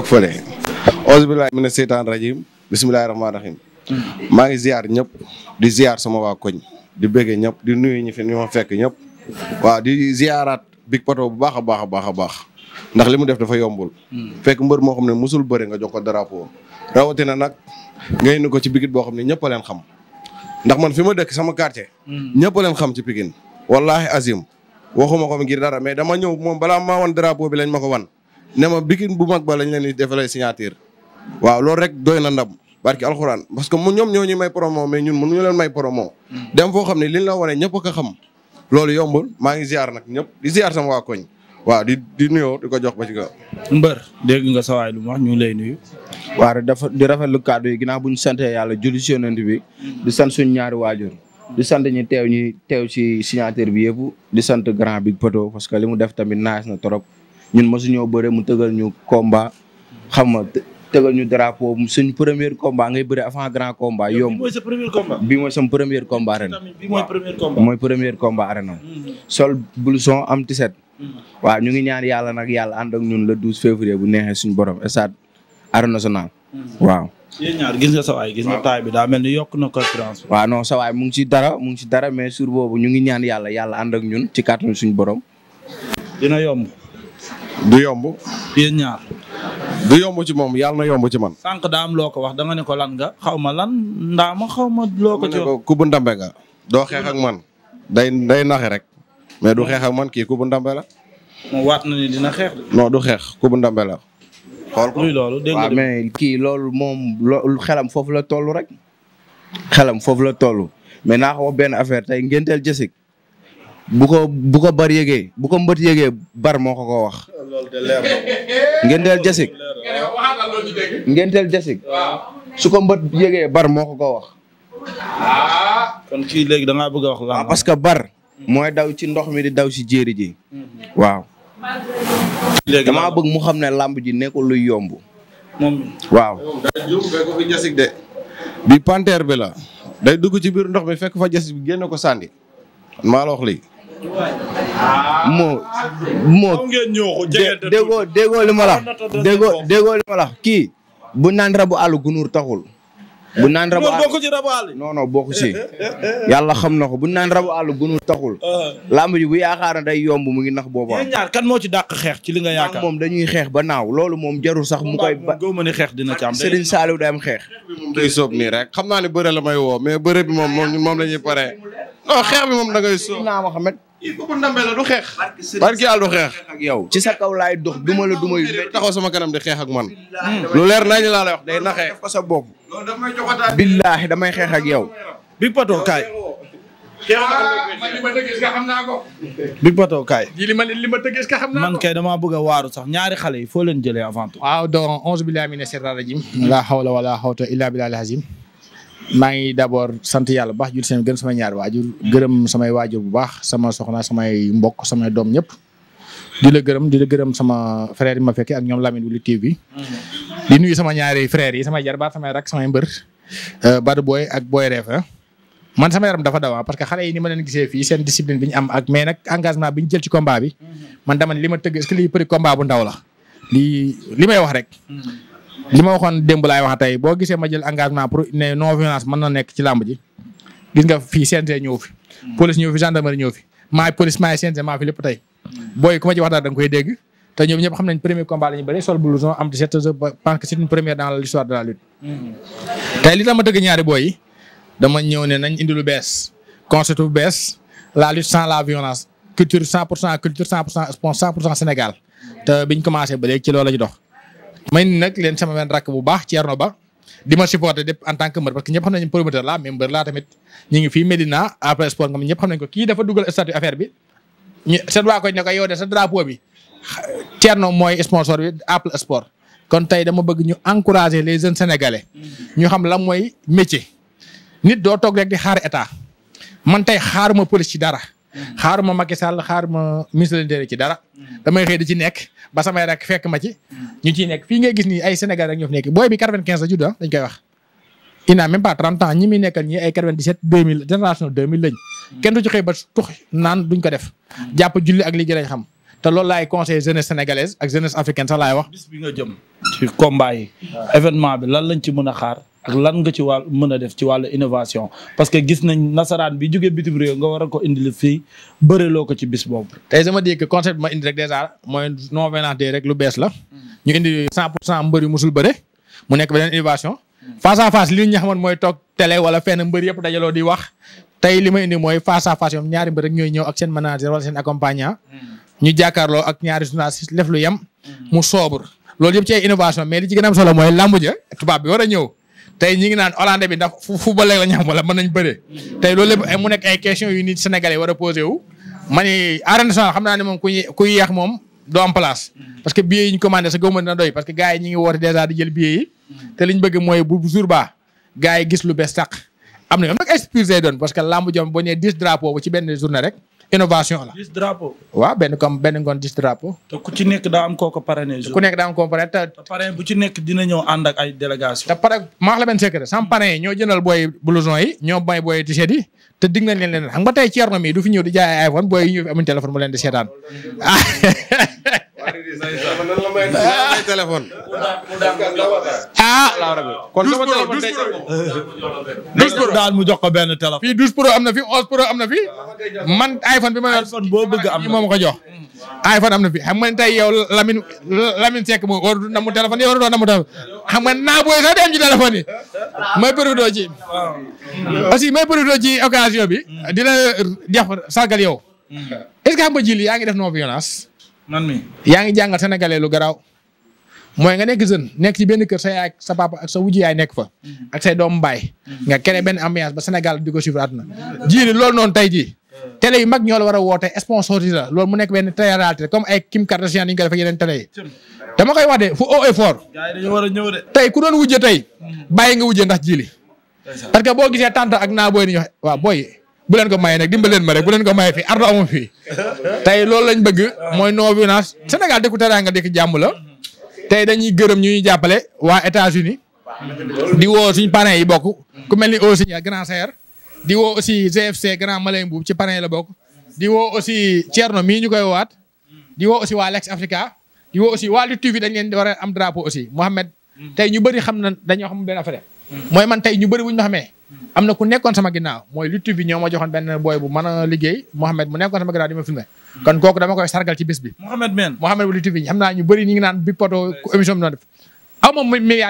toog fële auzu billahi mina seytaan rajim bismillahi rahmaani rahim maa ngi ziar ñëpp di ziar sama waa koñ di bëggee ñëpp di nuyu ñi fi ñu ma fekk ñëpp waaw di ziaraat Big Pato bu baax a baax a baax a baax ndax li mu def dafa yombul fekk mbër moo xam ne musul bëre nga jox ko drapeau na nag ngay nu ko ci bigit boo xam ne ñëpp leen xam ndax man fi ma dëkk sama quartier ñëpp a leen xam ci Pikine wallahi azim waxuma ko ngir dara mais dama ñëw moom balaa maa wan drapeau bi lañ ma ko wan ne ma bikin bu mag ba lañ leen di defalee signature. waaw loolu rek doy na ndam barki alxuraan parce que mu ñoom ñoo ñu may promo mais ñun ñu leen may promo. dem foo xam ne liñ la wane ñëpp a ko xam. loolu yombul maa ngi ziar nag ñëpp di ziar sama waa koñ. waaw di nuyoo di ko jox ba ci kaw. mbër dégg nga sa waay lu max ñu ngi lay nuyu. waaw dafa di rafetlu kàddu yi ginnaaw bu ñu sante yàlla julli si yonent bi. di sant suñ ñaari waajur. di sant ñi teew ñi teew ci signature bi yëpp. di sant grand bi poto parce que li mu def tamit nice na trop. ñun mosuñoo bëre mu tëgal ñu komba xam nga tëgal ñu drapeau suñ premier combat ngay bëre avant grand combat yomb. bi mooy sa premier combat bii mooy sa premier combat ren. bii mooy mm-hmm. sol blouson am tiset. Mm-hmm. waaw ñu ngi ñaan yàlla nag yàlla ànd ak ñun le 12 février bu neexee suñu borom stade Arène Nationale. Mm-hmm. waaw. yéen ñaar gis nga sawaay gis nga taay bi daa mel ni yokk na conférence. waaw non mu ngi ci dara mu ngi dara mais sur boobu ñu ngi ñaan yàlla yàlla ànd ak ñun ci kàttanu suñu borom. dina yomb. du yomb. yéen du yomb ci moom yàlla na yomb ci man. sànq daa am loo ko wax da nga ne ko lan nga xaw ma lan ndaama xaw ma loo ci ku bu ndambe nga. doo xeex ak man. day naxi rek. mais du xeex man ki ku bu ndambe la. ni dina xeex de. non du xeex ku bu ndambe la. xool ko loolu dégg kii loolu moom xelam foofu la toll rek. xelam foofu la toll mais naa ko wax benn affaire tey ngenteel jësig bu ko bu ko bar yëgee bu ko mbët yege bar moo ko wax. ngenteel jasig ngenteel jasig su ko mbët yëgee bar moo ko ko wax ah. kon kii léegi da bëgg a wax la ah, que bar mooy daw ci ndox mi di daw ci jéeri ji waaw léegi bëgg mu xam ne làmb ji nekkul luy yomb waaw de bi panteer bi la day dugg ci biir ndox mi fekk fa jasig bi génne ko sànni maa la moo moo déggoo déggoo li ma la déggoo déggoo kii bu naan rabu àll gunóor taxul bu naan rabu àll bokku ci rabu àll non xam na ko bu naan rabu àll gunóor taxul ah. lamb ji bu yaakaar na day yomb mu ngi nax booba ñaar kan moo ci dàq xeex ci li nga yaakaar moom dañuy xeex ba naaw loolu moom jarul sax mu koy ba gëw ma ni xeex dina ci am Serigne Saliou day am xeex moom day soob nii rek xam naa ne bëre la may wo mais bëre bi moom moom moom la pare non xeex bi moom da ngay soob naa xamet i xeex. barki yàlla xeex. ak yow ci sa kaw laay dox duma la duma taxaw sama kanam di xeex ak man. lu leer nañ laa lay wax day naxee. def ko sa bopp. billaahi damay xeex ak yow. Big Pato kaay. Ah, Big Pato kaay. li ma li ma tëggee ka bëgg a waaru sax ñaari xale yi foo leen jëlee avant tout. waaw donc onze billahi mina seytaani rajim. laa hawla wala hawta illa billahi al maa ngi d'abord sant yàlla bu baax jul seen gërëm samay ñaari waajur gërëm samay waajur bu baax sama soxna samay mbokk samay doom ñëpp di la gërëm di gërëm sama frère yi ma fekkee ak ñoom Lamine Wuli TV di nuyu sama ñaari frères yi samay jarbaat samay rak samay mbër euh, Badu Boy ak Boy Refa ah. man sama yaram dafa dawaa ah, parce que xale yi ni ma leen gisee fii seen discipline bi ñu am ak mais nag engagement bi ñu jël ci combat bi man dama li ma tëgg est-ce que lii ndaw la lii may wax rek hmm. li ma waxoon démb laay wax tey boo gisee ma jël engagement pour ne non violence mën na nekk ci làmb ji gis nga fi CNG ñëw fi. police ñëw fi gendarmerie ñëw fi maay police maay CNG maa fi lépp tey booy ku ma ci wax koy dégg te ñoom ñëpp xam nañ premier combat la ñu bëri sol blouson am t-shirt ba parce que une première dans l'histoire de la lutte. Mm-hmm. tey li tax ma dëgg ñaari booy dama ñëw ne nañ indi lu bees concept bu bees la lutte sans la violence culture cent culture 100 pour cent sport 100 pour cent Sénégal te biñ commencé ba ci loolu la ñu dox. may nag leen sama benn rakk bu baax Thierno Ba di ma supporté dépp en tant que mbër parce que ñëpp xam nañu promoteur la mais ñu ngi fii Medina après ko kii dafa dugal statut affaire bi ñu seen waa koñ ne ko yow de sa drapeau bi Thierno mooy sponsor bi Apple Sport kon tey dama bëgg ñu encourager les jeunes sénégalais ñu xam lan mooy métier nit doo toog rek di xaar état man tey xaaruma police ci dara xaaruma Macky Sall xaaruma ministre de l'intérieur ci dara. damay xëy di ci nekk ba samay rak fekk ma ci. ñu ciy nekk fii ngay gis nii ay Sénégal rek ñoo fi nekk booy bi 95 la judd ah dañ koy wax. il n'a même pas 30 ans ñi muy nekkal ñi ay 97 2000 génération 2000 lañ. kenn du ci xëy ba tux naan duñ ko def. jàpp julli ak liggéey lañ xam. te loolu laay conseil jeunesse sénégalaise ak jeunesse africaine sax laay wax. bis ak lan nga ci wàll mën a def ci wàllu innovation parce que gis nañ nasaraan bi jógee bitim réew nga war a ko indil fii bëreloo ko ci bis boobu. tey sama dégg concept ma indi rek dèjà mooy non violente rek lu bees la. ñu indi 100 pour 100 mbër yu musul bëre mu nekk beneen innovation. face à face li ñu xamoon mooy toog télé wala fenn mbër yëpp dajaloo di wax tey li ma indi mooy face a face yoom ñaari mbër rek ñooy ñëw ak seen manager wala seen accompagnant. Hmm. ñu jàkkaarloo ak ñaari journaliste def lu yem. Hmm. mu soobre loolu yëpp ci ay innovation mais solo mooy lamb ja tubaab bi war a ñëw tey ñi ngi naan Hollande bi ndax fu fu ba léegi la ñu xam wala mën nañ bëree tey loolu lépp mu nekk ay questions yu nit Sénégalais war a posé wu xam naa ne moom kuy kuy yéex moom doo am place parce que billets yi ñu commandé sa gëwma dina doy parce que gars yi ñi ngi woote dèjà di jël billets yi te liñ bëgg mooy bu jour ba gars yi gis lu bees sàq am na yoon nag ay surprise doon parce que lamb jom boo nee dix drapeau bu ci benn journée rek innovation la. 10 drapeaux. waaw benn comme benn ngoon 10 drapeaux. te ku ci nekk daa am kooku parrainé. ku nekk daa am kooku parrainé te. bu ci nekk dina ñëw ànd ak ay délégation. te pare maa la benn secret sama parrain yi ñoo jëndal booy blouson yi ñoo may booy t-shirt yi te dig leen leen xam nga tey Thierno mi du fi ñëw di jaay iPhone booy yi ñu fi amuñ téléphone mu leen di seetaan ah téléphone. ah. kon sama téléphone day tegu. douze pro daal mu jox ko benn téléphone. fii douze pro am na fi onze pro am na fi. man iPhone bi ma yor. iPhone boo bëgg am na moom ko jox. iPhone am na fi xam nga tey yow Lamine Lamine Seck moo war na mu téléphone yow war na mu téléphone xam nga naa booy sax dem ci téléphone yi. may profité ci. aussi may occasion bi. di la jox sargal yow. est-ce que xam nga yaa ngi def non man mi yaa ngi jàngal sénégalais lu garaaw mooy nga nekk jeune nekk ci benn kër sa yaay sa papa ak sa wujj yaay nekk fa mhm. ak say doomu baay mhm. nga créé benn ambiance ba Sénégal di ko suivre àdduna jiini loolu noonu tey jii euh. télé yu mag ñoo la war a woote sponsorisé la loolu mu nekk benn télé réalité comme ay Kim Kardashian yi ñu ko def ak yeneen télé yi dama koy wax de fu haut et fort ku doon wujje tey mhm. bàyyi nga wujje ndax jiili parce que boo gisee tante ak naa booy ni bu leen ko maye nag dimbaleen ma rek bu leen ko maye fii tey loolu lañ bëgg mooy non violence Sénégal dëkku teraanga dëkk jàmm la tey dañuy gërëm ñu ñuy jàppale waa États-Unis di woo suñ parrain yi bokk ku mel ni aussi grand di woo aussi GFC grand Malay Mbuub ci parrain yi la bokk di woo aussi Thierno mii ñu koy waat di woo aussi waa Lex Africa di woo aussi waa Lutte TV dañ leen war a am drapeau aussi Mohamed tey ñu bëri xam na dañoo xam benn affaire mooy man tey ñu bëri bu ñu ma xamee am na ku nekkoon sama ginnaaw mooy lutte bi ñoo a joxoon benn booy bu mën a liggéey Mouhamed mu nekkoon sama ginnaaw di ma filmé kon kooku dama koy sargal ci bis bi Mouhamed men Mouhamed bu lutte bi xam naa ñu bëri ñi naan bi poto émission bi noonu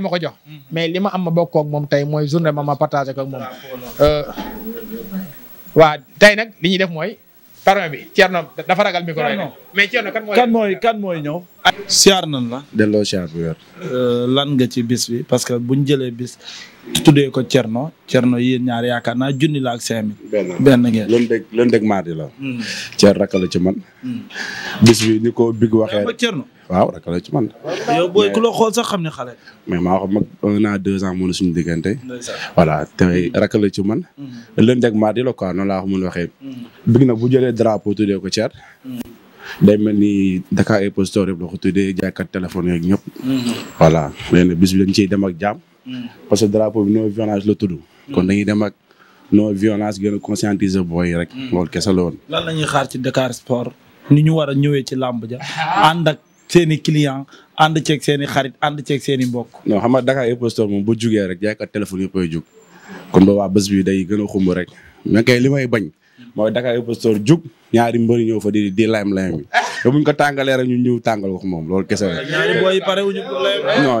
ma ko jox mhm. mais li ma am ma bokk ak moom mooy journée ma ma partagé ko ak euh, waa tey nag li ñuy def mooy parrain bi Thierno dafa ragal micro yi mais Thierno kan mooy kan mooy kan mooy ñëw siyaar nan la. delloo siyaar bu wér. Euh, lan nga ci bis bi parce que bu ñu jëlee bis. tuddee ko Cerno Cerno yéen ñaar yaakaar naa junni la ak cinq benn ngeen lën dëgg lën dëgg mardi la. Cerno hmm. rakk la ci man. Hmm. bis bi ni ko big waxee. waaw rakk la ci man. yow booy xool sax xam ne xale. mais maa wax mag un an deux ans mënu suñu diggante. voilà te rakk la ci man. Hmm. lën dëgg mardi la quoi noonu laa ko mën waxee. big na bu jëlee drapeau tuddee ko Cerno. day mel ni Dakar Expositor rek la ko tuddee jaaykat téléphone yeeg ñëpp. Mm-hmm. voilà nee na bis bi dañ ciy dem ak jàmm. Mm. parce que drapeau bi non violence la tudd. kon dañuy dem ak non violence gën a conscientiser booy rek. Mm. loolu kese la woon. lan la ñuy xaar ci Dakar Sport ni ñu war a ñëwee ci làmb ja ànd ak seeni client and ceeg seeni xarit ànd ceek seeni mbokk. non xam nga Dakar Expositor moom bu jugee rek jaaykat téléphone yëpp ay jug kon boobaa bés bi day gën a xumb rek mais kay li may bañ. mooy Dakar Superstore jug ñaari mbëri ñëw fa di di layam layam yi te buñ ko tàngalee rek ñu ñëw tàngal ko moom loolu kese la. ñaari booy pare allah voilà. waaw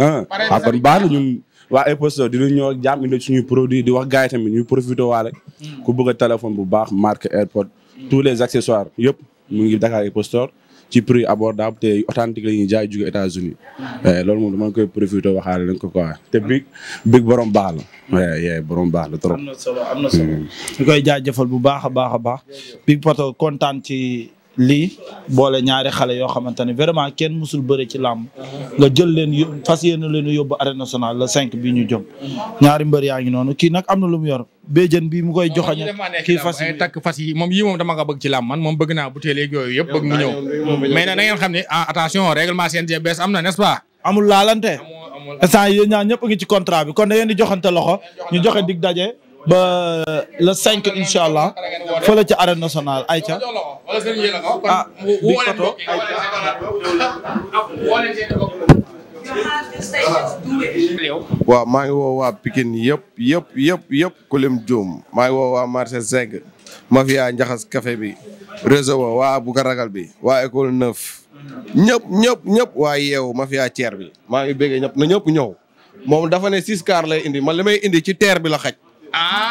ah, ah. ah, kon baax na ñun waa Superstore dinañ ñëw ak jàmm indi suñuy produit di wax gars yi tamit ñuy profité waale. Hmm. ku bëgg a téléphone bu baax marque AirPod. tous les accessoires yëpp mu ngi Dakar Superstore. ci prix abordable te authentique la ñuy jaay jóge États-Unis hmm. eh, loolu moom dama koy profité waxaale lañ ko quoi te big big borom baax la yee eh, eh, borom baax la trop am na solo am hmm. bu baax a baax a baax big poto kontaan ci lii boole ñaari xale yoo xamante ne vraiment kenn musul bëre ci làmb nga jël leen yób fas yéene leen yóbbu arène nationale la cinq bi ñu jëm ñaari mbër yaa ngi noonu kii am na lu mu yor béjjën bi mu koy joxañ kii fas yi takk fas yi moom yii moom dama nga bëgg ci làmb man moom bëgg naa bu téelee yooyu yëpp bëgg mu ñëw mais na ngeen xam ne ah, attention règlement CNG bees am na n'est-ce pas amul laalante instant ñaar ñëpp ngi ci contrat bi kon da ngeen di loxo ñu joxe dig ba le 5 incha allah fële ci arène nationale Aïcha. ah Big Pato waaw maa ngi woo waa Pikine yëpp yëpp yëpp yëpp ku lim juum maa ngi woo waa marché Zeg mafia njaxas kafe bi réseau waa bu ko ragal bi waa école neuf ñëpp ñëpp ñëpp waa yeewu mafia tier bi maa ngi bëggee ñëpp na ñëpp ñëw moom dafa ne six car lay indi ma li may indi ci teer bi la xaj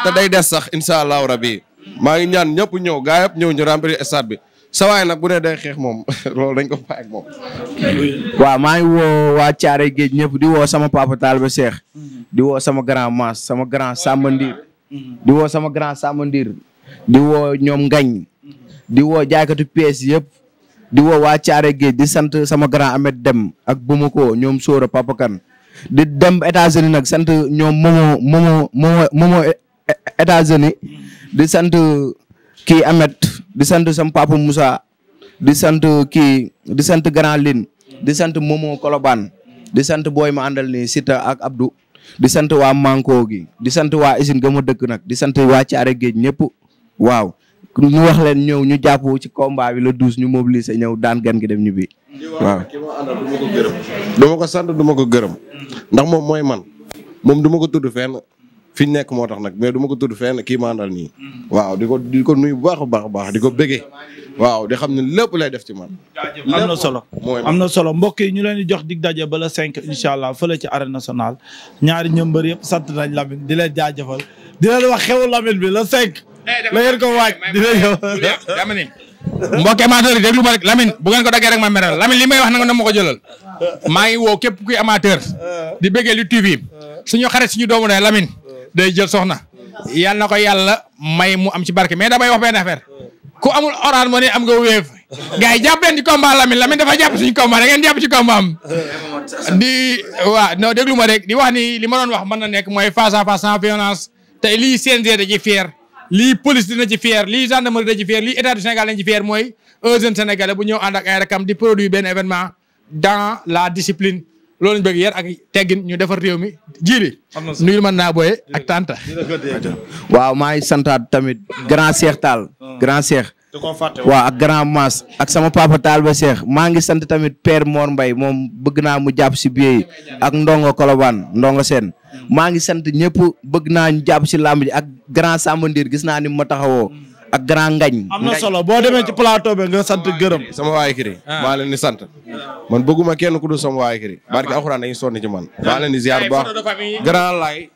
te day des sax incha allahu rabi. maa ngi ñaan ñëpp ñëw gaa yëpp ñëw ñu remplir bi sawaay nag bu ne day xeex moom loolu dañ ko fay ak waaw maa ngi woo waa Thiaré géej ñëpp di woo sama papa Talba Cheikh. di woo sama grand mas sama grand Samba Ndiir. di woo sama grand Samba di woo ñoom Ngañ. di woo jaaykatu pièces yëpp. di woo waa caare géej di sant sama grand Ahmed Dem ak Bumako ñoom Sora Papa Kane di dem États-Unis nag sant ñoom momo momo momo momo e, e, États-Unis di sant kii Amet di sant sam papa Moussa di sant kii di sant Grand Line di sant momo Kolobaan di sant booy ma àndal ni Sita ak Abdou di sant waa Manko gi di sant waa usine ga ma dëkk nag di sant waa Caare Géej ñëpp waaw mu wax leen ñëw ñu jàpp ci combat bi la douze ñu mobiliser ñëw daan gan gi dem ñu bi waaw ki ma du ma ko gërëm du ma ko sant du ma ko gërëm ndax moom mooy man moom du ma ko tudd fenn fi ñu nekk moo tax nag mais du ma ko tudd fenn kii ma nii waaw di ko di ko nuyu bu baax a baax a baax di ko bëggee waaw di xam ne lépp lay def ci man am na solo am na solo mbokk yi ñu leen di jox dig daje ba la cinq incha allah fële ci arène national ñaari ñëmbër yëpp sant nañ Lamine di leen jaajëfal di leen wax xew Lamine bi la cinq na ngeen ko waaj dina ñëw. dama ni bu ngeen ko daggee rek ma meral Lamine li may wax nag na ma ko jëlal maa ngi woo képp kuy amateur di bëggee lu TV suñu xarit suñu doomu ne lamin day jël soxna yal na ko yàlla may mu am ci barke mais damay wax benn affaire ku amul oran moo am nga wéef gars yi jàpp leen ci combat Lamine Lamine dafa jàpp suñu combat da ngeen jàpp ci combat am di waaw non déglu ma rek di wax ni li ma doon wax mën na nekk mooy face à face sans violence te lii CNG da ci fier lii police dina ci fier lii gendarmerie dina ci fier lii état du Sénégal dina ci fier mooy un jeune sénégalais bu ñëw ànd ak ay rakam di produit benn événement dans la discipline loolu ñu bëgg yar ak teggin ñu defar réew mi jiili. nuyul man naa booyee ak tanta waaw maa ngi santaat tamit grand Cheikh taal ah. grand waaw ak grand mas ak sama papa taal ba Cheikh maa ngi sant tamit père Mor mbay moom bëgg naa mu jàpp si biir ak ndongo Kolobane ndongo seen maa ngi sant ñëpp bëgg naa ñu jàpp si làmb ji ak grand Samba Ndiir gis naa ni ma taxawoo ak grand ngañ solo boo demee ci plateau bi nga sant gërëm sama waay kiri ah. maa leen di sant man bëgguma kenn ku dul sama waay kiri ah, barke ah. alxuraan dañuy sonni ci man maa leen di ziar bu baax grand laay